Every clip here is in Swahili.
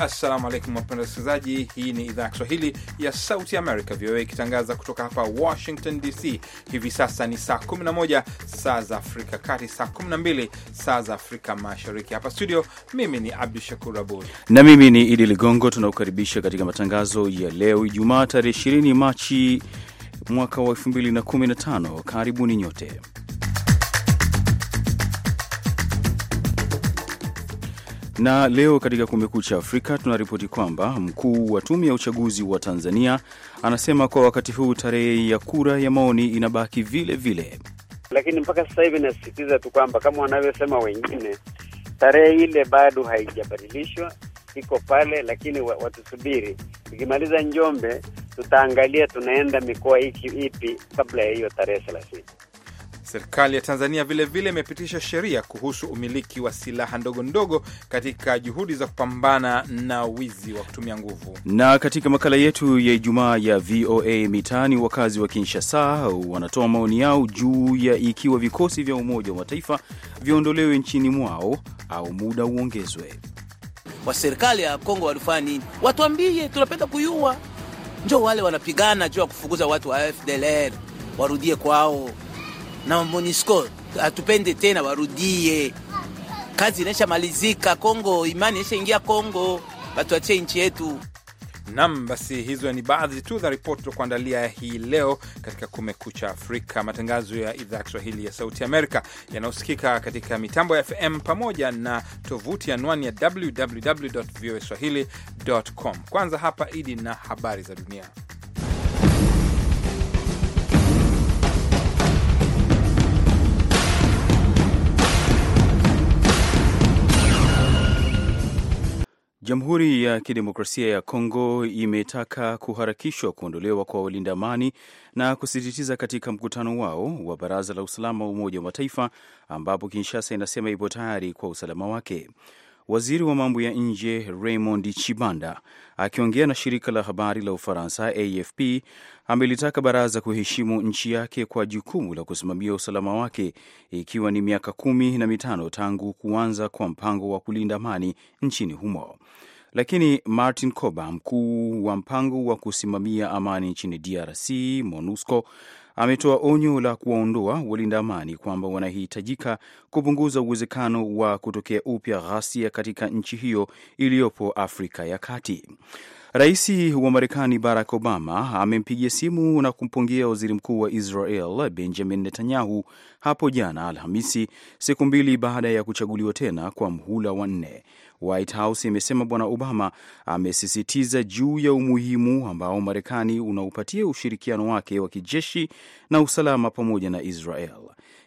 Assalamu alaikum wapenda wasikilizaji, hii ni idhaa ya Kiswahili ya Sauti America, VOA, ikitangaza kutoka hapa Washington DC. Hivi sasa ni saa 11 saa za Afrika Kati, saa 12 saa za Afrika Mashariki. Hapa studio, mimi ni Abdu Shakur Abud na mimi ni Idi Ligongo. Tunakukaribisha katika matangazo ya leo Ijumaa tarehe 20 Machi mwaka wa 2015. Karibuni nyote. Na leo katika Kumekucha Afrika tunaripoti kwamba mkuu wa tume ya uchaguzi wa Tanzania anasema kwa wakati huu tarehe ya kura ya maoni inabaki vile vile, lakini mpaka sasa hivi nasisitiza tu kwamba kama wanavyosema wengine, tarehe ile bado haijabadilishwa, iko pale, lakini watusubiri. Tukimaliza Njombe, tutaangalia tunaenda mikoa iki ipi kabla ya hiyo tarehe thelathini. Serikali ya Tanzania vilevile imepitisha vile sheria kuhusu umiliki wa silaha ndogo ndogo katika juhudi za kupambana na wizi wa kutumia nguvu. Na katika makala yetu ya Ijumaa ya VOA Mitaani, wakazi wa Kinshasa wanatoa maoni yao juu ya ikiwa vikosi vya Umoja wa Mataifa viondolewe nchini mwao au muda uongezwe. Wa serikali ya Kongo walifanya nini? Watuambie, tunapenda kuyua. Njo wale wanapigana juu ya kufukuza watu wa FDLR warudie kwao na MONUSCO hatupende tena warudie, kazi malizika Kongo, imani inaishaingia Kongo, watuachie nchi yetu. Nam, basi hizo ni baadhi tu za ripoti za kuandalia hii leo katika Kumekucha Afrika, matangazo ya idhaa ya Kiswahili ya Sauti Amerika yanayosikika katika mitambo ya FM pamoja na tovuti anwani ya www voa swahili com. Kwanza hapa Idi na habari za dunia. Jamhuri ya Kidemokrasia ya Kongo imetaka kuharakishwa kuondolewa kwa walinda amani na kusisitiza katika mkutano wao wa Baraza la Usalama wa Umoja wa Mataifa ambapo Kinshasa inasema ipo tayari kwa usalama wake. Waziri wa mambo ya nje Raymond Chibanda akiongea na shirika la habari la Ufaransa AFP amelitaka baraza kuheshimu nchi yake kwa jukumu la kusimamia usalama wake, ikiwa ni miaka kumi na mitano tangu kuanza kwa mpango wa kulinda amani nchini humo. Lakini Martin Koba, mkuu wa mpango wa kusimamia amani nchini DRC MONUSCO, ametoa onyo la kuwaondoa walinda amani kwamba wanahitajika kupunguza uwezekano wa kutokea upya ghasia katika nchi hiyo iliyopo Afrika ya Kati. Rais wa Marekani Barack Obama amempigia simu na kumpongea waziri mkuu wa Israel Benjamin Netanyahu hapo jana Alhamisi, siku mbili baada ya kuchaguliwa tena kwa mhula wa nne. White House imesema Bwana Obama amesisitiza juu ya umuhimu ambao Marekani unaupatia ushirikiano wake wa kijeshi na usalama pamoja na Israel.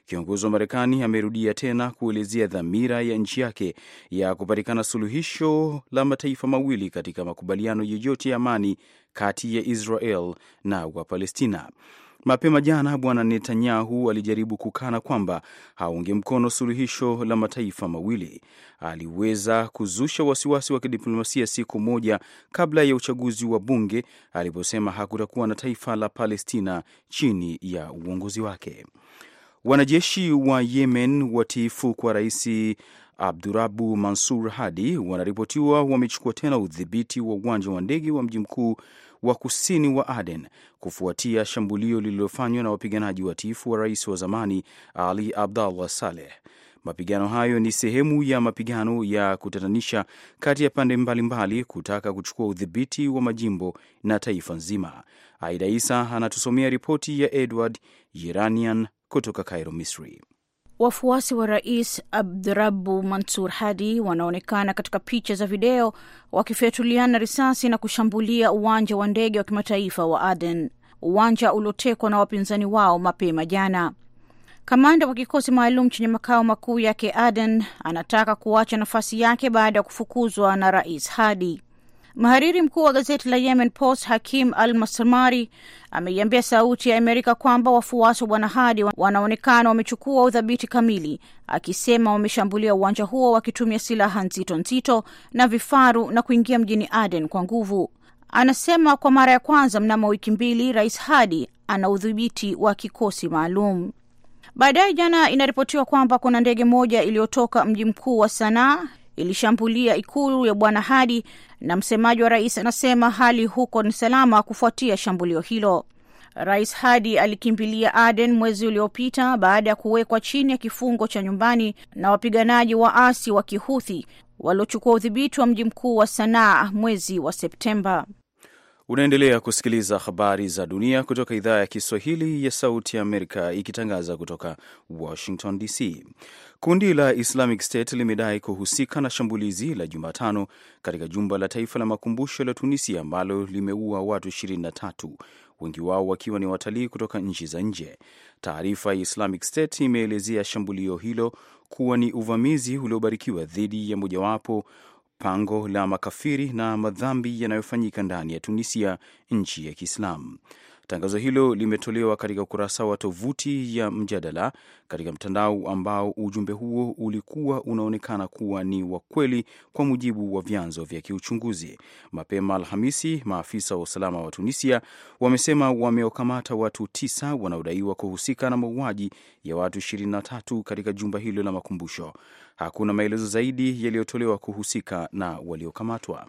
Kiongozi wa Marekani amerudia tena kuelezea dhamira ya nchi yake ya kupatikana suluhisho la mataifa mawili katika makubaliano yoyote ya amani kati ya Israel na Wapalestina. Mapema jana Bwana Netanyahu alijaribu kukana kwamba haunge mkono suluhisho la mataifa mawili. Aliweza kuzusha wasiwasi wa kidiplomasia siku moja kabla ya uchaguzi wa bunge aliposema hakutakuwa na taifa la Palestina chini ya uongozi wake. Wanajeshi wa Yemen watiifu kwa rais Abdurabu Mansur Hadi wanaripotiwa wamechukua tena udhibiti wa uwanja wa ndege wa mji mkuu wa kusini wa Aden kufuatia shambulio lililofanywa na wapiganaji watiifu wa rais wa zamani Ali Abdallah Saleh. Mapigano hayo ni sehemu ya mapigano ya kutatanisha kati ya pande mbalimbali mbali kutaka kuchukua udhibiti wa majimbo na taifa nzima. Aida Isa anatusomea ripoti ya Edward Yeranian kutoka Cairo, Misri. Wafuasi wa rais Abdurabu Mansur Hadi wanaonekana katika picha za video wakifyatuliana risasi na kushambulia uwanja wa ndege wa kimataifa wa Aden, uwanja uliotekwa na wapinzani wao mapema jana. Kamanda wa kikosi maalum chenye makao makuu yake Aden anataka kuacha nafasi yake baada ya kufukuzwa na rais Hadi. Mhariri mkuu wa gazeti la Yemen Post Hakim Al Masmari ameiambia Sauti ya Amerika kwamba wafuasi wa Bwana Hadi wanaonekana wamechukua udhibiti kamili, akisema wameshambulia uwanja huo wakitumia silaha nzito nzito na vifaru na kuingia mjini Aden kwa nguvu. Anasema kwa mara ya kwanza mnamo wiki mbili, Rais Hadi ana udhibiti wa kikosi maalum. Baadaye jana, inaripotiwa kwamba kuna ndege moja iliyotoka mji mkuu wa Sanaa ilishambulia ikulu ya bwana Hadi, na msemaji wa rais anasema hali huko ni salama kufuatia shambulio hilo. Rais Hadi alikimbilia Aden mwezi uliopita baada ya kuwekwa chini ya kifungo cha nyumbani na wapiganaji waasi wa Kihuthi waliochukua udhibiti wa mji mkuu wa Sanaa mwezi wa Septemba. Unaendelea kusikiliza habari za dunia kutoka idhaa ya Kiswahili ya Sauti ya Amerika ikitangaza kutoka Washington DC. Kundi la Islamic State limedai kuhusika na shambulizi la Jumatano katika jumba la taifa la makumbusho la Tunisia ambalo limeua watu 23 wengi wao wakiwa ni watalii kutoka nchi za nje. Taarifa ya Islamic State imeelezea shambulio hilo kuwa ni uvamizi uliobarikiwa dhidi ya mojawapo pango la makafiri na madhambi yanayofanyika ndani ya Tunisia, nchi ya Kiislamu. Tangazo hilo limetolewa katika ukurasa wa tovuti ya mjadala katika mtandao ambao ujumbe huo ulikuwa unaonekana kuwa ni wa kweli kwa mujibu wa vyanzo vya kiuchunguzi. Mapema Alhamisi, maafisa wa usalama wa Tunisia wamesema wamewakamata watu tisa wanaodaiwa kuhusika na mauaji ya watu 23 katika jumba hilo la makumbusho. Hakuna maelezo zaidi yaliyotolewa kuhusika na waliokamatwa.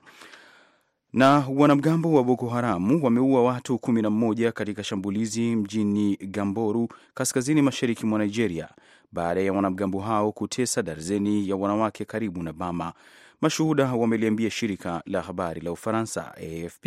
Na wanamgambo wa Boko Haramu wameua watu 11 katika shambulizi mjini Gamboru, kaskazini mashariki mwa Nigeria, baada ya wanamgambo hao kutesa darzeni ya wanawake karibu na Bama, mashuhuda wameliambia shirika la habari la Ufaransa, AFP.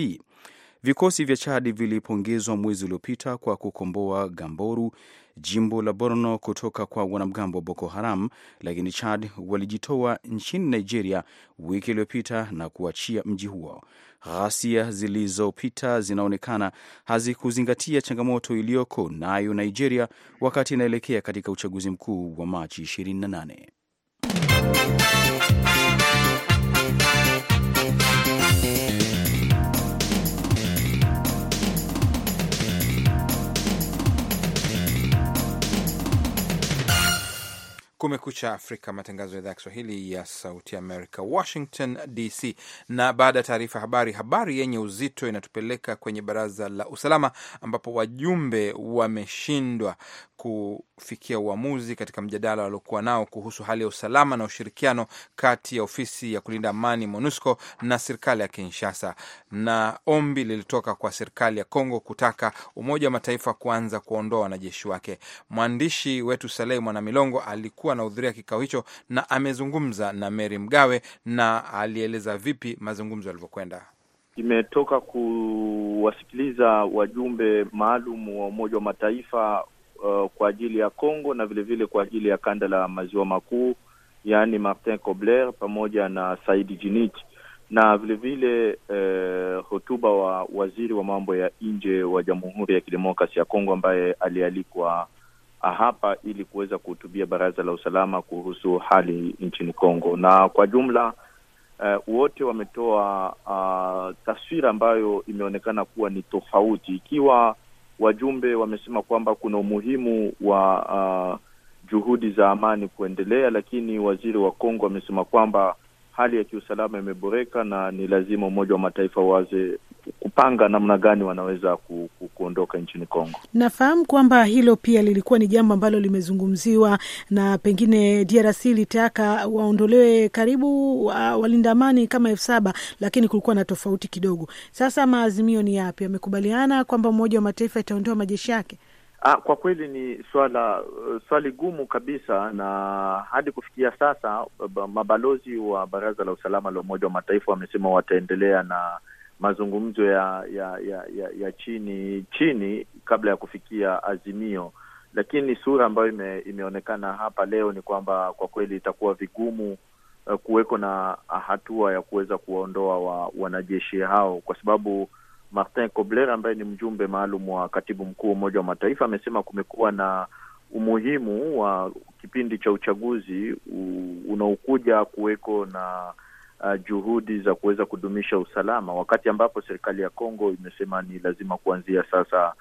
Vikosi vya Chadi vilipongezwa mwezi uliopita kwa kukomboa Gamboru jimbo la Borno kutoka kwa wanamgambo wa Boko Haram, lakini Chad walijitoa nchini Nigeria wiki iliyopita na kuachia mji huo. Ghasia zilizopita zinaonekana hazikuzingatia changamoto iliyoko nayo Nigeria wakati inaelekea katika uchaguzi mkuu wa Machi 28. Kumekucha Afrika, matangazo ya idhaa ya Kiswahili ya Sauti Amerika, Washington DC. Na baada ya taarifa habari, habari yenye uzito inatupeleka kwenye Baraza la Usalama ambapo wajumbe wameshindwa kufikia uamuzi katika mjadala waliokuwa nao kuhusu hali ya usalama na ushirikiano kati ya ofisi ya kulinda amani MONUSCO na serikali ya Kinshasa. Na ombi lilitoka kwa serikali ya Kongo kutaka Umoja wa Mataifa kuanza kuondoa wanajeshi wake. Mwandishi wetu salei Mwanamilongo alikuwa anahudhuria kikao hicho na amezungumza na Mary Mgawe na alieleza vipi mazungumzo yalivyokwenda. Imetoka kuwasikiliza wajumbe maalum wa Umoja wa Mataifa Uh, kwa ajili ya Kongo na vilevile vile kwa ajili ya kanda la maziwa makuu, yaani Martin Kobler pamoja na Saidi Jinich na vilevile vile, eh, hotuba wa waziri wa mambo ya nje wa Jamhuri ya Kidemokrasi ya Kongo ambaye alialikwa ah, hapa ili kuweza kuhutubia baraza la usalama kuhusu hali nchini Kongo. Na kwa jumla eh, wote wametoa uh, taswira ambayo imeonekana kuwa ni tofauti, ikiwa wajumbe wamesema kwamba kuna umuhimu wa uh, juhudi za amani kuendelea, lakini waziri wa Kongo amesema kwamba hali ya kiusalama imeboreka na ni lazima Umoja wa Mataifa waze kupanga namna gani wanaweza ku, ku, kuondoka nchini Kongo. Nafahamu kwamba hilo pia lilikuwa ni jambo ambalo limezungumziwa na pengine DRC ilitaka waondolewe karibu wa, walinda amani kama elfu saba lakini kulikuwa na tofauti kidogo. Sasa maazimio ni yapi? amekubaliana kwamba Umoja wa Mataifa itaondoa majeshi yake? Ha, ah, kwa kweli ni swala uh, swali gumu kabisa, na hadi kufikia sasa uh, mabalozi wa Baraza la Usalama la Umoja wa Mataifa wamesema wataendelea na mazungumzo ya ya, ya ya ya chini chini kabla ya kufikia azimio, lakini sura ambayo ime, imeonekana hapa leo ni kwamba kwa kweli itakuwa vigumu uh, kuweko na hatua ya kuweza kuwaondoa wa, wanajeshi hao kwa sababu Martin Kobler ambaye ni mjumbe maalum wa katibu mkuu wa Umoja wa Mataifa amesema kumekuwa na umuhimu wa kipindi cha uchaguzi unaokuja kuweko na uh, juhudi za kuweza kudumisha usalama, wakati ambapo serikali ya Kongo imesema ni lazima kuanzia sasa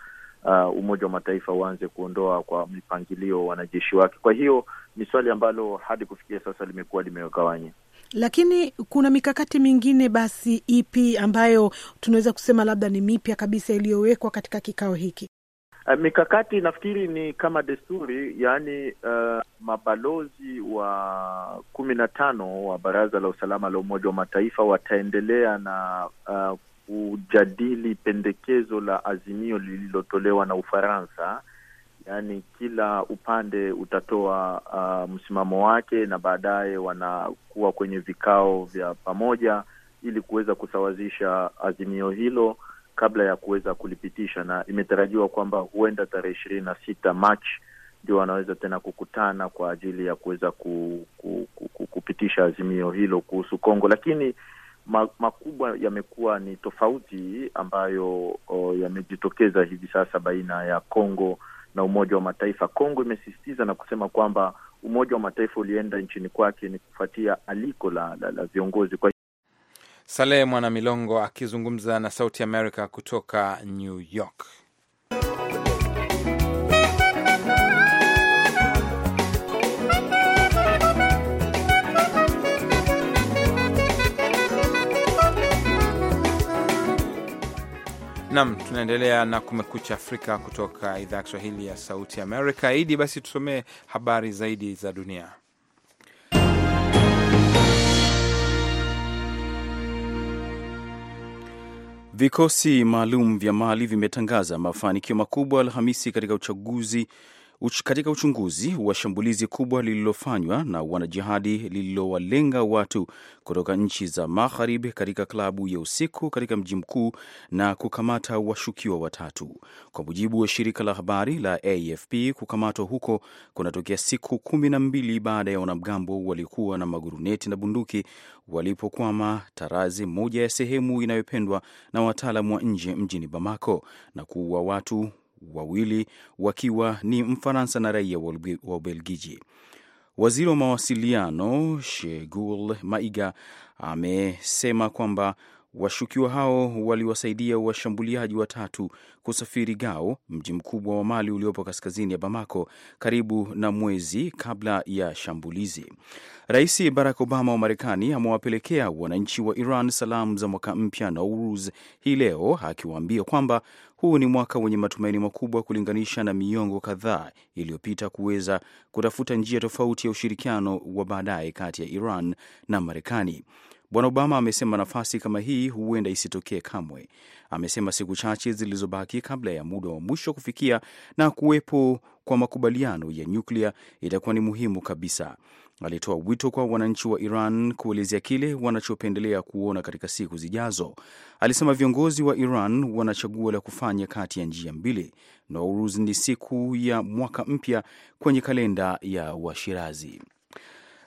uh, Umoja wa Mataifa uanze kuondoa kwa mipangilio wanajeshi wake. Kwa hiyo ni swali ambalo hadi kufikia sasa limekuwa limegawanya lakini kuna mikakati mingine basi ipi ambayo tunaweza kusema labda ni mipya kabisa iliyowekwa katika kikao hiki? Uh, mikakati nafikiri ni kama desturi, yaani uh, mabalozi wa kumi na tano wa Baraza la Usalama la Umoja wa Mataifa wataendelea na uh, kujadili pendekezo la azimio lililotolewa na Ufaransa. Yaani kila upande utatoa uh, msimamo wake na baadaye wanakuwa kwenye vikao vya pamoja ili kuweza kusawazisha azimio hilo kabla ya kuweza kulipitisha, na imetarajiwa kwamba huenda tarehe ishirini na sita mach ndio wanaweza tena kukutana kwa ajili ya kuweza ku, ku, ku, ku, kupitisha azimio hilo kuhusu Kongo, lakini makubwa yamekuwa ni tofauti ambayo yamejitokeza hivi sasa baina ya Kongo na Umoja wa Mataifa. Kongo imesisitiza na kusema kwamba Umoja wa Mataifa ulienda nchini kwake ni kufuatia aliko la, la, la viongozi kwa Saleh mwana milongo akizungumza na Sauti America kutoka New York. Nam, tunaendelea na Kumekucha Afrika kutoka idhaa ya Kiswahili ya Sauti Amerika. Idi, basi tusomee habari zaidi za dunia. Vikosi maalum vya Mali vimetangaza mafanikio makubwa Alhamisi katika uchaguzi uch, katika uchunguzi wa shambulizi kubwa lililofanywa na wanajihadi lililowalenga watu kutoka nchi za magharibi katika klabu ya usiku katika mji mkuu na kukamata washukiwa watatu. Kwa mujibu wa shirika la habari la AFP, kukamatwa huko kunatokea siku kumi na mbili baada ya wanamgambo walikuwa na maguruneti na bunduki walipokwama tarazi moja ya sehemu inayopendwa na wataalamu wa nje mjini Bamako na kuua watu wawili wakiwa ni Mfaransa na raia wa Ubelgiji. Waziri wa mawasiliano Shegul Maiga amesema kwamba washukiwa hao waliwasaidia washambuliaji watatu kusafiri Gao, mji mkubwa wa Mali uliopo kaskazini ya Bamako, karibu na mwezi kabla ya shambulizi. Rais Barack Obama wa Marekani amewapelekea wananchi wa Iran salamu za mwaka mpya Nauruz hii leo, akiwaambia kwamba huu ni mwaka wenye matumaini makubwa kulinganisha na miongo kadhaa iliyopita kuweza kutafuta njia tofauti ya ushirikiano wa baadaye kati ya Iran na Marekani. Bwana Obama amesema nafasi kama hii huenda isitokee kamwe. Amesema siku chache zilizobaki kabla ya muda wa mwisho kufikia na kuwepo kwa makubaliano ya nyuklia itakuwa ni muhimu kabisa alitoa wito kwa wananchi wa Iran kuelezea kile wanachopendelea kuona katika siku zijazo. Alisema viongozi wa Iran wanachagua la kufanya kati ya njia mbili. Nowruz ni siku ya mwaka mpya kwenye kalenda ya Washirazi.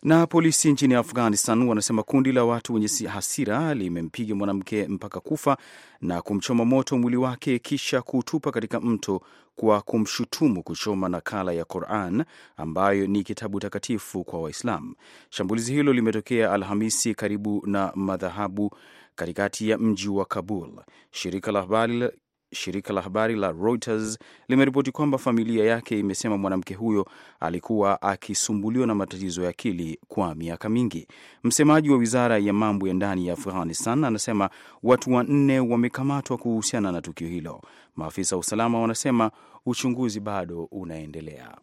Na polisi nchini Afghanistan wanasema kundi la watu wenye hasira limempiga mwanamke mpaka kufa na kumchoma moto mwili wake kisha kuutupa katika mto kwa kumshutumu kuchoma nakala ya Quran ambayo ni kitabu takatifu kwa waislam Shambulizi hilo limetokea Alhamisi karibu na madhahabu katikati ya mji wa Kabul. Shirika la habari Shirika la habari la Reuters limeripoti kwamba familia yake imesema mwanamke huyo alikuwa akisumbuliwa na matatizo ya akili kwa miaka mingi. Msemaji wa wizara ya mambo ya ndani ya Afghanistan anasema watu wanne wamekamatwa kuhusiana na tukio hilo. Maafisa wa usalama wanasema uchunguzi bado unaendelea.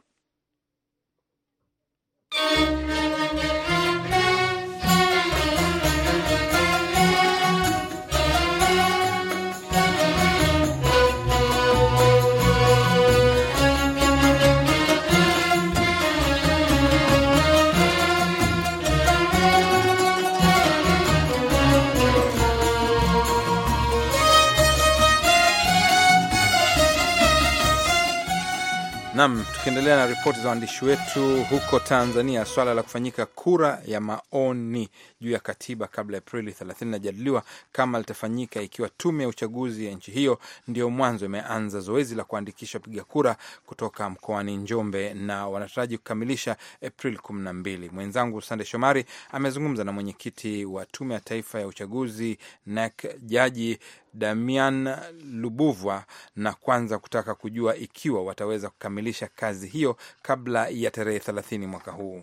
Tukiendelea na ripoti za waandishi wetu huko Tanzania, swala la kufanyika kura ya maoni juu ya katiba kabla ya Aprili 30 linajadiliwa kama litafanyika, ikiwa tume ya uchaguzi ya nchi hiyo ndiyo mwanzo imeanza zoezi la kuandikisha wapiga kura kutoka mkoani Njombe na wanataraji kukamilisha Aprili 12. Mwenzangu Sande Shomari amezungumza na mwenyekiti wa Tume ya Taifa ya Uchaguzi NEC Jaji Damian Lubuvwa na kwanza kutaka kujua ikiwa wataweza kukamilisha kazi hiyo kabla ya tarehe thelathini mwaka huu.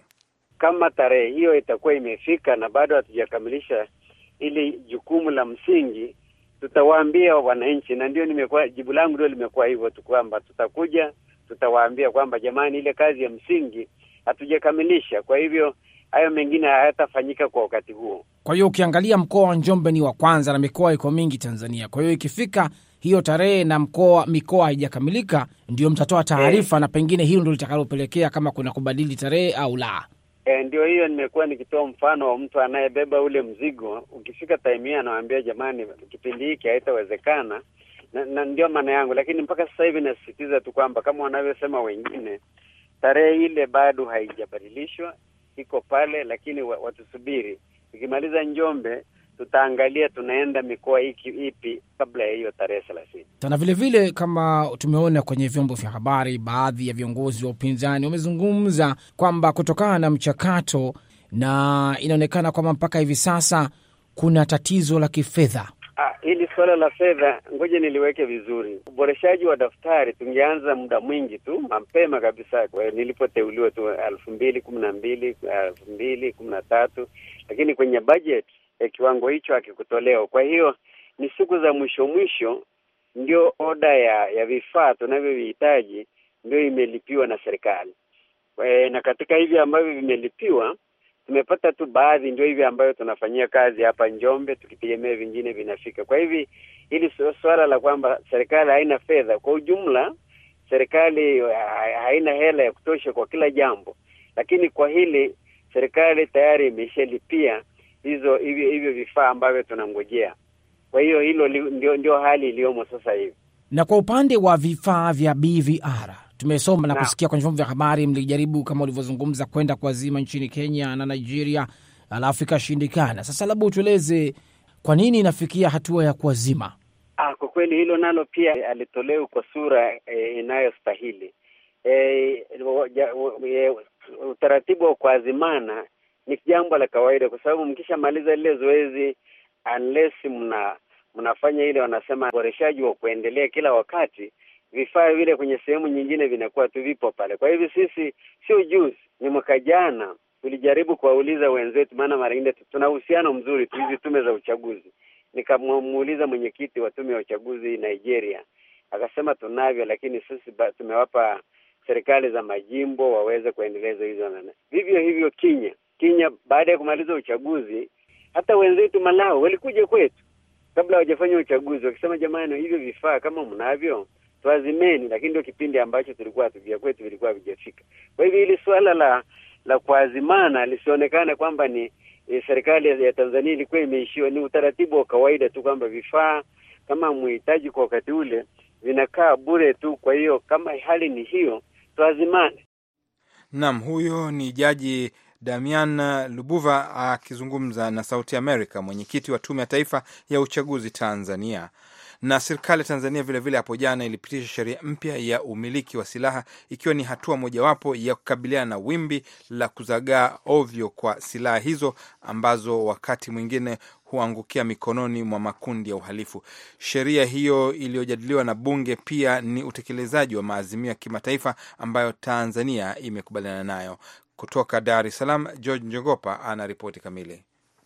Kama tarehe hiyo itakuwa imefika na bado hatujakamilisha ili jukumu la msingi, tutawaambia wananchi, na ndio nimekuwa jibu langu ndio limekuwa hivyo tu kwamba tutakuja, tutawaambia kwamba jamani, ile kazi ya msingi hatujakamilisha, kwa hivyo hayo mengine hayatafanyika kwa wakati huo. Kwa hiyo ukiangalia mkoa wa Njombe ni wa kwanza na mikoa iko mingi Tanzania. Kwa hiyo ikifika hiyo tarehe na mkoa mikoa haijakamilika, ndio mtatoa taarifa e, na pengine hilo ndio litakalopelekea kama kuna kubadili tarehe au la. E, ndio hiyo nimekuwa nikitoa mfano wa mtu anayebeba ule mzigo, ukifika time hiyo anawaambia jamani, kipindi hiki haitawezekana na, na ndio maana yangu, lakini mpaka sasa hivi nasisitiza tu kwamba kama wanavyosema wengine, tarehe ile bado haijabadilishwa, iko pale, lakini watusubiri. Tukimaliza Njombe tutaangalia tunaenda mikoa iki, ipi kabla ya hiyo tarehe thelathini. Na vile vile kama tumeona kwenye vyombo vya habari, baadhi ya viongozi wa upinzani wamezungumza kwamba kutokana na mchakato na inaonekana kwamba mpaka hivi sasa kuna tatizo la kifedha hili suala la fedha, ngoja niliweke vizuri. Uboreshaji wa daftari tungeanza muda mwingi tu mapema kabisa, nilipoteuliwa tu elfu mbili kumi na mbili elfu mbili kumi na tatu lakini kwenye budget ya eh, kiwango hicho hakikutolewa. Kwa hiyo ni siku za mwisho mwisho ndio oda ya ya vifaa tunavyovihitaji ndio imelipiwa na serikali e, na katika hivi ambavyo vimelipiwa tumepata tu baadhi, ndio hivi ambayo tunafanyia kazi hapa Njombe, tukitegemea vingine vinafika. Kwa hivi hili suala la kwamba serikali haina fedha kwa ujumla, serikali uh, haina hela ya kutosha kwa kila jambo, lakini kwa hili serikali tayari imeshalipia hizo hivyo hivyo vifaa ambavyo tunangojea. Kwa hiyo hilo ndio, ndio hali iliyomo sasa hivi. Na kwa upande wa vifaa vya BVR tumesoma na kusikia kwenye vyombo vya habari, mlijaribu kama ulivyozungumza kwenda kuwazima nchini Kenya na Nigeria, alafu ikashindikana. Sasa labda utueleze kwa nini inafikia hatua ya kuwazima? Ah, kwa kweli hilo nalo pia alitolewa kwa sura e, inayostahili eh, utaratibu wa kuazimana ni jambo la kawaida, kwa sababu mkishamaliza lile zoezi unless mna mnafanya ile wanasema uboreshaji wa kuendelea kila wakati vifaa vile kwenye sehemu nyingine vinakuwa tu vipo pale. Kwa hivyo sisi sio juzi, ni mwaka jana tulijaribu kuwauliza wenzetu, maana mara ingine tuna uhusiano mzuri tu hizi tume za uchaguzi. Nikamuuliza mwenyekiti wa tume ya uchaguzi Nigeria, akasema tunavyo, lakini sisi tumewapa serikali za majimbo waweze kuendeleza hizo. Nana vivyo hivyo Kenya, Kenya baada ya kumaliza uchaguzi, hata wenzetu Malawi walikuja kwetu kabla hawajafanya uchaguzi, wakisema jamani, hivyo vifaa kama mnavyo tuazimeni, lakini ndio kipindi ambacho tulikuwa vya kwetu vilikuwa vijafika. Kwa hivyo hili suala la la kuazimana lisionekane kwamba ni e, serikali ya Tanzania ilikuwa imeishiwa, ni utaratibu wa kawaida tu kwamba vifaa kama muhitaji kwa wakati ule vinakaa bure tu. Kwa hiyo kama hali ni hiyo, tuazimane. Naam, huyo ni Jaji Damian Lubuva akizungumza na Sauti america mwenyekiti wa Tume ya Taifa ya Uchaguzi Tanzania. Na serikali ya Tanzania vilevile hapo jana ilipitisha sheria mpya ya umiliki wa silaha ikiwa ni hatua mojawapo ya kukabiliana na wimbi la kuzagaa ovyo kwa silaha hizo ambazo wakati mwingine huangukia mikononi mwa makundi ya uhalifu. Sheria hiyo iliyojadiliwa na bunge pia ni utekelezaji wa maazimio ya kimataifa ambayo Tanzania imekubaliana nayo. Kutoka Dar es Salaam, George Njogopa ana ripoti kamili.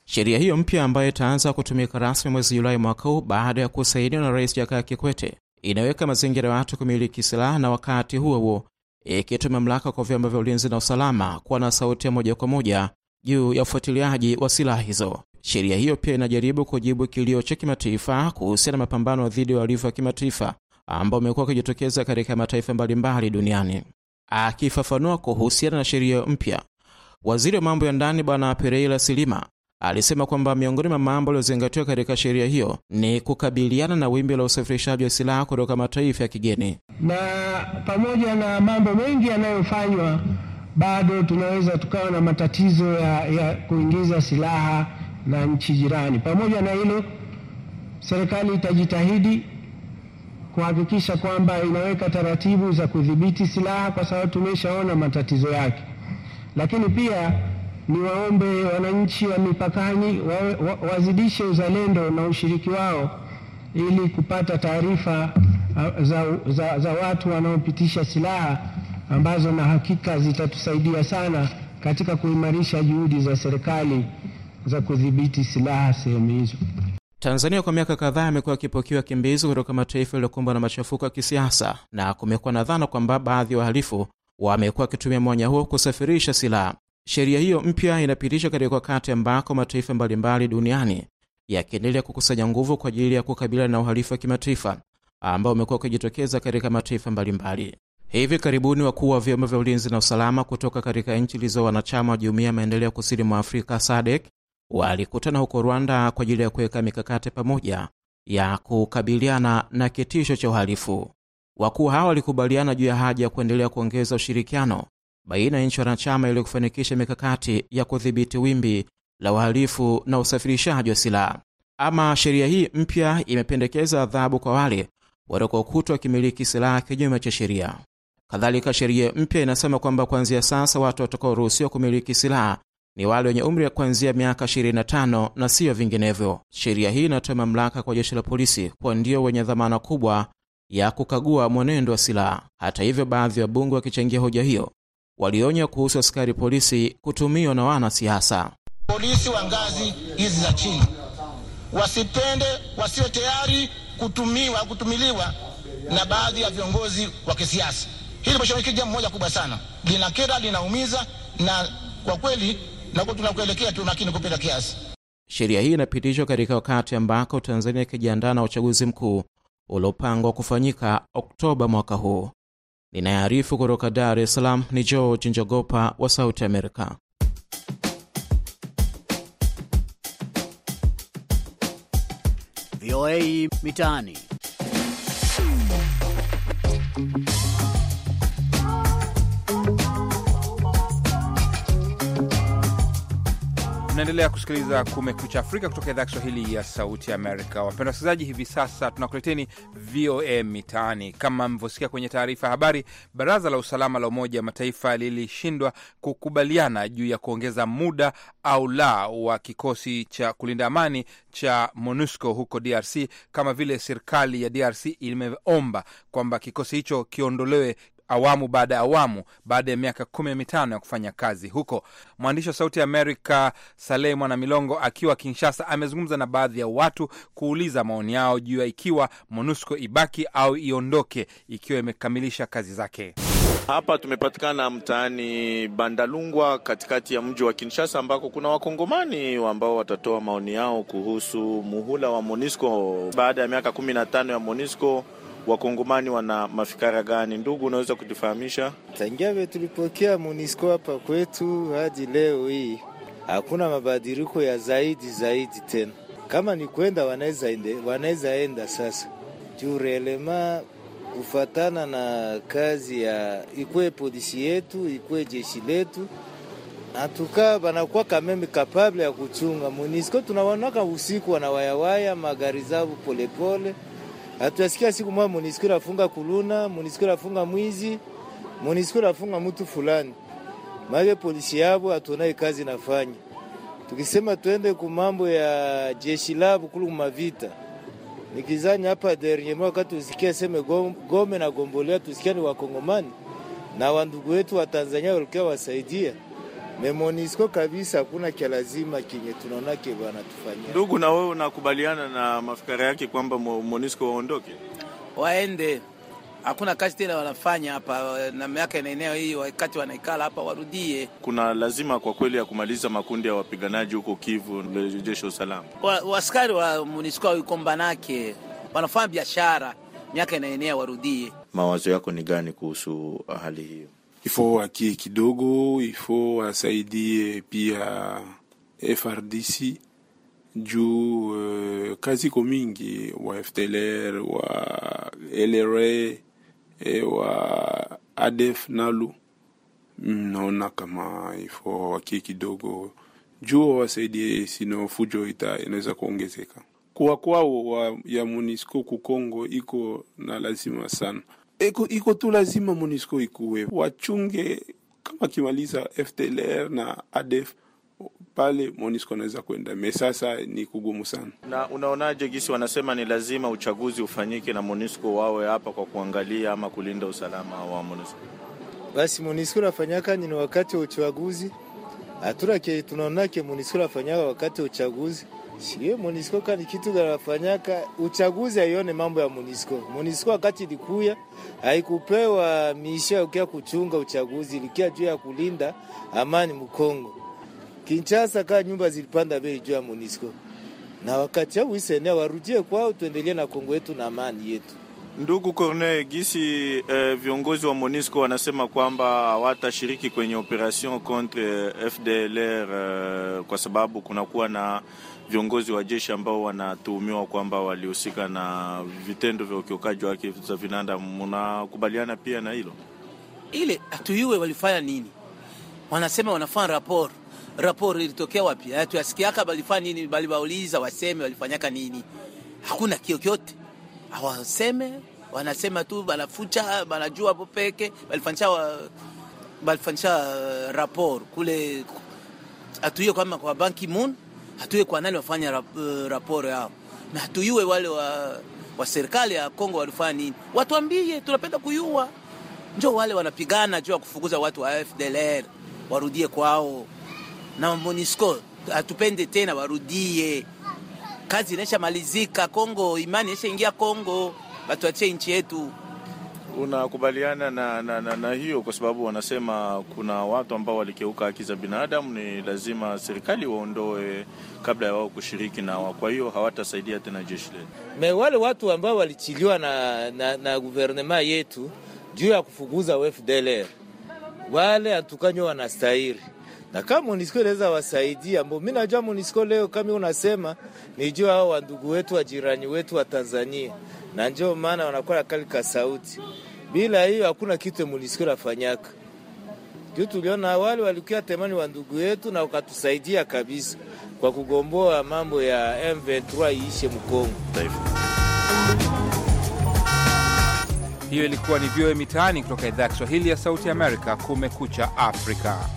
Sheria hiyo mpya ambayo itaanza kutumika rasmi mwezi Julai mwaka huu baada ya kusainiwa na Rais Jakaya Kikwete inaweka mazingira ya watu kumiliki silaha na wakati huo huo ikitoa mamlaka kwa vyombo vya ulinzi na usalama kuwa na sauti ya moja kwa moja juu ya ufuatiliaji wa silaha hizo. Sheria hiyo pia inajaribu kujibu kilio cha kimataifa kuhusiana na mapambano dhidi ya uhalifu wa kimataifa ambao umekuwa ukijitokeza katika mataifa mbalimbali duniani. Akifafanua kuhusiana na sheria mpya, waziri wa mambo ya ndani Bwana Pereira Silima alisema kwamba miongoni mwa mambo yaliyozingatiwa katika sheria hiyo ni kukabiliana na wimbi la usafirishaji wa silaha kutoka mataifa ya kigeni. Na pamoja na mambo mengi yanayofanywa, bado tunaweza tukawa na matatizo ya, ya kuingiza silaha na nchi jirani. Pamoja na hilo, serikali itajitahidi kuhakikisha kwamba inaweka taratibu za kudhibiti silaha, kwa sababu tumeshaona matatizo yake, lakini pia niwaombe wananchi wa mipakani wa, wa, wazidishe uzalendo na ushiriki wao ili kupata taarifa za, za, za watu wanaopitisha silaha ambazo na hakika zitatusaidia sana katika kuimarisha juhudi za serikali za kudhibiti silaha sehemu hizo. Tanzania kwa miaka kadhaa imekuwa akipokea wakimbizi kutoka mataifa yaliyokumbwa na machafuko ya kisiasa, na kumekuwa na dhana kwamba baadhi ya wahalifu wamekuwa wakitumia mwanya huo kusafirisha silaha. Sheria hiyo mpya inapitishwa katika wakati ambako mataifa mbalimbali duniani yakiendelea kukusanya nguvu kwa ajili ya kukabiliana na uhalifu wa kimataifa ambao umekuwa ukijitokeza katika mataifa mbalimbali. Hivi karibuni wakuu wa vyombo vya ulinzi na usalama kutoka katika nchi zilizo wanachama wa jumuiya ya maendeleo ya kusini mwa Afrika SADC walikutana huko Rwanda kwa ajili ya kuweka mikakati pamoja ya kukabiliana na kitisho cha uhalifu. Wakuu hawa walikubaliana juu ya haja ya kuendelea kuongeza ushirikiano baina ya nchi wanachama ili kufanikisha mikakati ya kudhibiti wimbi la uhalifu na usafirishaji wa silaha. Ama sheria hii mpya imependekeza adhabu kwa wale watakaokutwa wakimiliki silaha kinyume cha sheria. Kadhalika, sheria mpya inasema kwamba kuanzia sasa watu watakaoruhusiwa kumiliki silaha ni wale wenye umri ya kuanzia miaka 25 na siyo vinginevyo. Sheria hii inatoa mamlaka kwa jeshi la polisi kuwa ndio wenye dhamana kubwa ya kukagua mwenendo wa silaha. Hata hivyo, baadhi ya wabunge wakichangia hoja hiyo walionya kuhusu askari polisi kutumiwa na wanasiasa. Polisi wa ngazi hizi za chini wasipende, wasiwe tayari kutumiwa kutumiliwa na baadhi ya viongozi wa kisiasa. Hili mshauri, jambo moja kubwa sana, lina kera linaumiza, na kwa kweli nakuwa tunakuelekea tu, lakini kupita kiasi. Sheria hii inapitishwa katika wakati ambako Tanzania ikijiandaa na uchaguzi mkuu uliopangwa kufanyika Oktoba mwaka huu. Ninayearifu kutoka Dar es Salaam ni George Njogopa wa Sauti Amerika. VOA Mitaani. Unaendelea kusikiliza Kumekucha Afrika kutoka idhaa ya Kiswahili ya Sauti Amerika. Wapenda wasikilizaji, hivi sasa tunakuleteni VOA Mitaani. Kama mlivyosikia kwenye taarifa ya habari, baraza la usalama la Umoja wa Mataifa lilishindwa kukubaliana juu ya kuongeza muda au la wa kikosi cha kulinda amani cha MONUSCO huko DRC, kama vile serikali ya DRC imeomba kwamba kikosi hicho kiondolewe awamu baada ya awamu, baada ya miaka kumi mitano ya kufanya kazi huko. Mwandishi wa Sauti ya Amerika Saleh Mwanamilongo akiwa Kinshasa amezungumza na baadhi ya watu kuuliza maoni yao juu ya ikiwa MONUSCO ibaki au iondoke ikiwa imekamilisha kazi zake. Hapa tumepatikana mtaani Bandalungwa katikati ya mji wa Kinshasa, ambako kuna wakongomani ambao watatoa maoni yao kuhusu muhula wa MONUSCO baada ya miaka kumi na tano ya MONUSCO wakongomani wana mafikara gani? Ndugu, unaweza kutufahamisha? Tangia tulipokea MONUSCO hapa kwetu hadi leo hii hakuna mabadiliko ya zaidi zaidi tena. Kama ni kwenda wanaweza ende, wanaweza enda sasa jurelema kufatana na kazi ya ikwe polisi yetu ikwe jeshi letu natukaa banakuwa kameme kapable ya kuchunga MONUSCO. Tunawanaka usiku wanawayawaya magari zao polepole hatuasikia siku moja MONUSCO inafunga kuluna, MONUSCO inafunga mwizi, MONUSCO afunga mtu fulani. Maana polisi yabo hatunaye kazi nafanya. Tukisema tuende ku mambo ya jeshi labu kulu mavita. Nikizani hapa dernier mois tusikia seme Gome na Gombolea tusikia ni wakongomani na wandugu wetu wa Tanzania walikuwa wasaidia me Monisco kabisa, hakuna kya lazima kenye tunaonake wanatufanyia. Ndugu, na wewe unakubaliana na mafikara yake kwamba Monisco waondoke, waende? Hakuna kazi tena wanafanya hapa na miaka na eneo hii, wakati wanaikala hapa warudie. Kuna lazima kwa kweli ya kumaliza makundi ya wapiganaji huko Kivu, jeshi usalama, waskari wa Monisco wakombanake, wanafanya biashara miaka na eneo warudie. Mawazo yako ni gani kuhusu hali hiyo? ifo wakie kidogo, ifo wasaidie pia euh, FRDC juu uh, kazi ko mingi wa FDLR wa LRA e wa ADF nalu naona kama ifo wakie kidogo juu wasaidie, sino fujo ita inaweza kuongezeka. Kuwa kwao ya MONUSCO ku iko na lazima sana Eko, iko tu lazima Monisco ikuwe wachunge kama kimaliza FDLR na ADF pale Monisco anaweza kwenda me, sasa ni kugumu sana. Na unaonaje gisi wanasema ni lazima uchaguzi ufanyike na Monisco wawe hapa kwa kuangalia ama kulinda usalama wa Monisco? Basi Monisco nafanyaka ni wakati wa uchaguzi, hatuna ke tunaonake Monisco nafanyaka wakati wa uchaguzi Siye Monisco kani kitu ganafanyaka uchaguzi, aione mambo ya Monisco. Monisco wakati ilikuya haikupewa miisha yakia kuchunga uchaguzi, ilikia juu ya kulinda amani Mkongo. Kinshasa kaa nyumba zilipanda bei juu ya Monisco, na wakati au isenea warudie kwao, tuendelee na Kongo yetu na amani yetu. Ndugu Corneille Gisi, eh, viongozi wa Monisco wanasema kwamba hawatashiriki kwenye operation contre eh, FDLR eh, kwa sababu kunakuwa na viongozi wa jeshi ambao wanatuhumiwa kwamba walihusika na vitendo vya ukiukaji wa haki za binadamu. Unakubaliana pia na hilo? Ile hatuyue walifanya nini, wanasema wanafanya rapor rapor ilitokea wapi? Hatuyasikiaka walifanya nini, bali wauliza waseme walifanyaka nini. Hakuna kiokyote, awaseme, wanasema tu banafucha banajua hapo peke balifanyisha balifanyisha uh, rapor kule, atuie kwama kwa banki moon hatuwe kwa nani wafanya rap, uh, raporo yao na hatuyue wale wa, wa serikali ya Kongo walifanya nini, watuambie. Tunapenda kuyua, njo wale wanapigana juu ya kufukuza watu wa FDLR warudie kwao, na MONUSCO hatupende tena, warudie kazi inaisha malizika Kongo, imani inaisha ingia Kongo, batuachie nchi yetu unakubaliana na, na, na, na hiyo kwa sababu wanasema kuna watu ambao walikeuka haki za binadamu, ni lazima serikali waondoe kabla ya wao kushiriki nawa, kwa hiyo hawatasaidia tena jeshi letu. Me wale watu ambao walichiliwa na, na, na guvernema yetu juu ya kufukuza FDLR wale atukanywa wanastahili na kama MONUSCO inaweza wasaidia mbo, mi najua MONUSCO leo kama unasema nijua hao wandugu wetu wajirani wetu wa Tanzania, na ndio maana wanakuwa kali ka sauti. Bila hiyo hakuna kitu MONUSCO nafanyaka. Kitu tuliona wale walikuwa temani wa ndugu yetu na wakatusaidia kabisa kwa kugomboa mambo ya M23 iishe mkongo Hiyo ilikuwa ni vyoe mitaani kutoka idhaa ya Kiswahili ya Sauti Amerika, Kumekucha Afrika.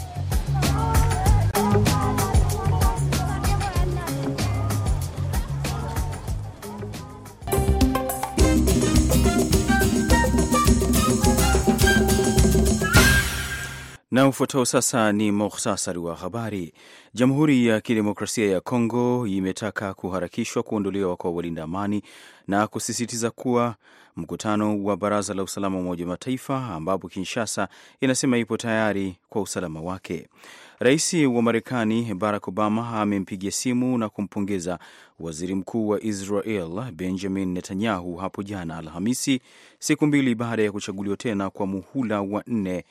Na ufuatao sasa ni muhtasari wa habari. Jamhuri ya Kidemokrasia ya Kongo imetaka kuharakishwa kuondolewa kwa walinda amani na kusisitiza kuwa mkutano wa Baraza la Usalama wa Umoja wa Mataifa, ambapo Kinshasa inasema ipo tayari kwa usalama wake. Rais wa Marekani Barack Obama amempigia simu na kumpongeza waziri mkuu wa Israel Benjamin Netanyahu hapo jana Alhamisi, siku mbili baada ya kuchaguliwa tena kwa muhula wa nne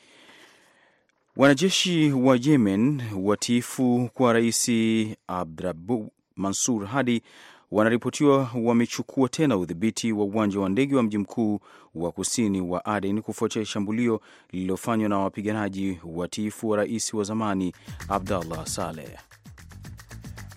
Wanajeshi wa Yemen watiifu kwa Rais Abdrabu Mansur Hadi wanaripotiwa wamechukua tena udhibiti wa uwanja wa ndege wa mji mkuu wa kusini wa Aden kufuatia shambulio lililofanywa na wapiganaji watiifu wa rais wa zamani Abdallah Saleh.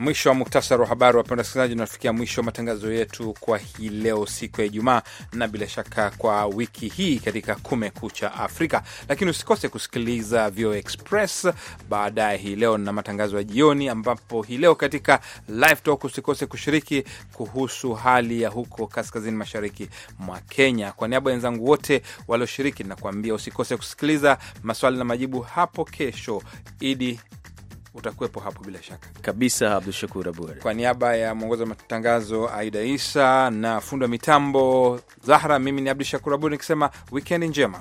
Mwisho wa muktasari wa habari. Wapenda wasikilizaji, unafikia mwisho wa matangazo yetu kwa hii leo, siku ya Ijumaa, na bila shaka kwa wiki hii katika Kumekucha Afrika. Lakini usikose kusikiliza VOA Express baadaye hii leo na matangazo ya jioni, ambapo hii leo katika Live Talk usikose kushiriki kuhusu hali ya huko kaskazini mashariki mwa Kenya. Kwa niaba ya wenzangu wote walioshiriki, nakuambia usikose kusikiliza maswali na majibu hapo kesho. Idi utakuwepo hapo bila shaka kabisa. Abdu Shakur Abud, kwa niaba ya mwongozi wa matangazo Aida Isa na fundi wa mitambo Zahra, mimi ni Abdu Shakur Abud nikisema wikendi njema.